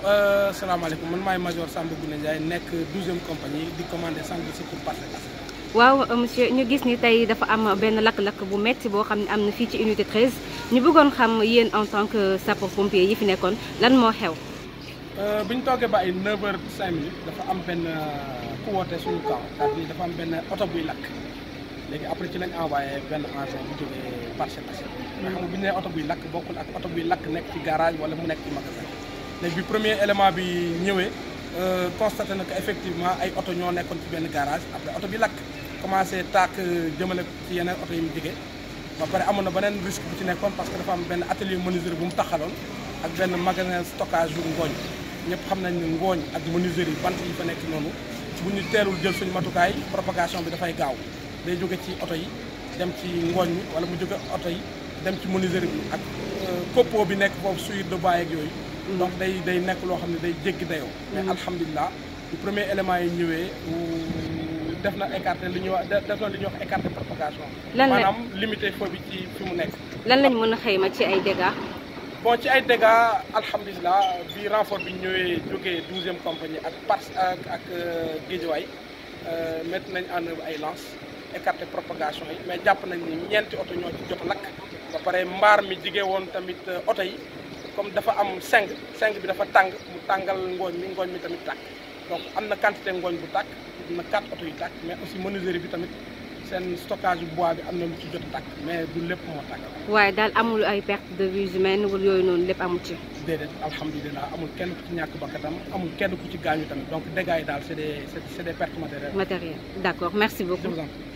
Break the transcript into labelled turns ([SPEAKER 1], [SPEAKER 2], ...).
[SPEAKER 1] Euh, salaamaaleykum man maay major Samba Gune Ndiaye nekk 12e compagnie di commandé sangu si pour parcelle
[SPEAKER 2] waaw monsieur ñu gis ni tey dafa am benn lakk-lakk bu metti boo xam ne am na fii ci unité 13 ñu bëggoon xam yéen en tant que sapeur pompier yi fi nekkoon lan moo xew.
[SPEAKER 1] Euh, bi ñu toogee ba ay 9 heures minutes dafa am benn euh, ku woote suñu kaw cest à dafa am benn oto buy lakk léegi après ci lañ envoyé benn engin bu jógee parcelle nga xam bu ñu bokkul ak oto buy lakk nekk ci wala mu nekk ci léegi bi premier élément bi ñëwee euh, constaté na que effectivement ay oto ñoo nekkoon ci benn garage après oto bi lakk commencé taak euh, jëmale ci yeneen oto yi mu ba pare amoon beneen risque bu ci nekkoon parce que dafa am benn atelier menuiserie bu mu taxaloon ak benn magasin stockage bu ngooñ ñëpp xam nañ ne ngooñ ak menuiserie bant yi fa nekk noonu bu ñu teelul jël suñu matukaay propagation bi dafay gaaw day jóge ci oto yi dem ci ngooñ mi wala mu jóge oto yi dem ci menuiserie bi ak euh, copeaux bi nekk boobu suy de bois yooyu donc day day nekk loo xam ne day jéggi dayoo. Mm-hmm. mais alhamdulilah bu premier élément yi ñëwee def na écarté li ñuy wax def na li ñuy wax écarté propagation. lan la maanaam limité foofu ci fi mu nekk.
[SPEAKER 2] lan lañ mën a xayma ci ay dégâts.
[SPEAKER 1] bon ci ay dégâts alhamdulilah bi renfort bi ñëwee jógee douzième compagnie ak pars ak ak euh, Guédiawaye euh, mett nañ en œuvre ay lance écarté propagation yi mais jàpp nañ ni ñeenti oto ñoo ci jot lakk ba pare mbaar mi jigee woon tamit euh, oto yi. comme dafa am seng seng bi dafa tàng mu tàngal ngooñ mi ngooñ mi tamit tàkk donc am na quantité ngooñ bu tàkk am na quatre oto yu tàkk mais aussi menuiserie bi tamit seen stockage bois bi am na lu ci jot tàkk mais du lépp moo tàkk.
[SPEAKER 2] waaye daal amul ay perte de vies humaines wala yooyu noonu lépp amu ci.
[SPEAKER 1] déedéet alhamdulilah amul kenn ku ci ñàkk bakkanam amul kenn ku ci gaañu tamit donc dégâts daal c' est des c'
[SPEAKER 2] est merci beaucoup.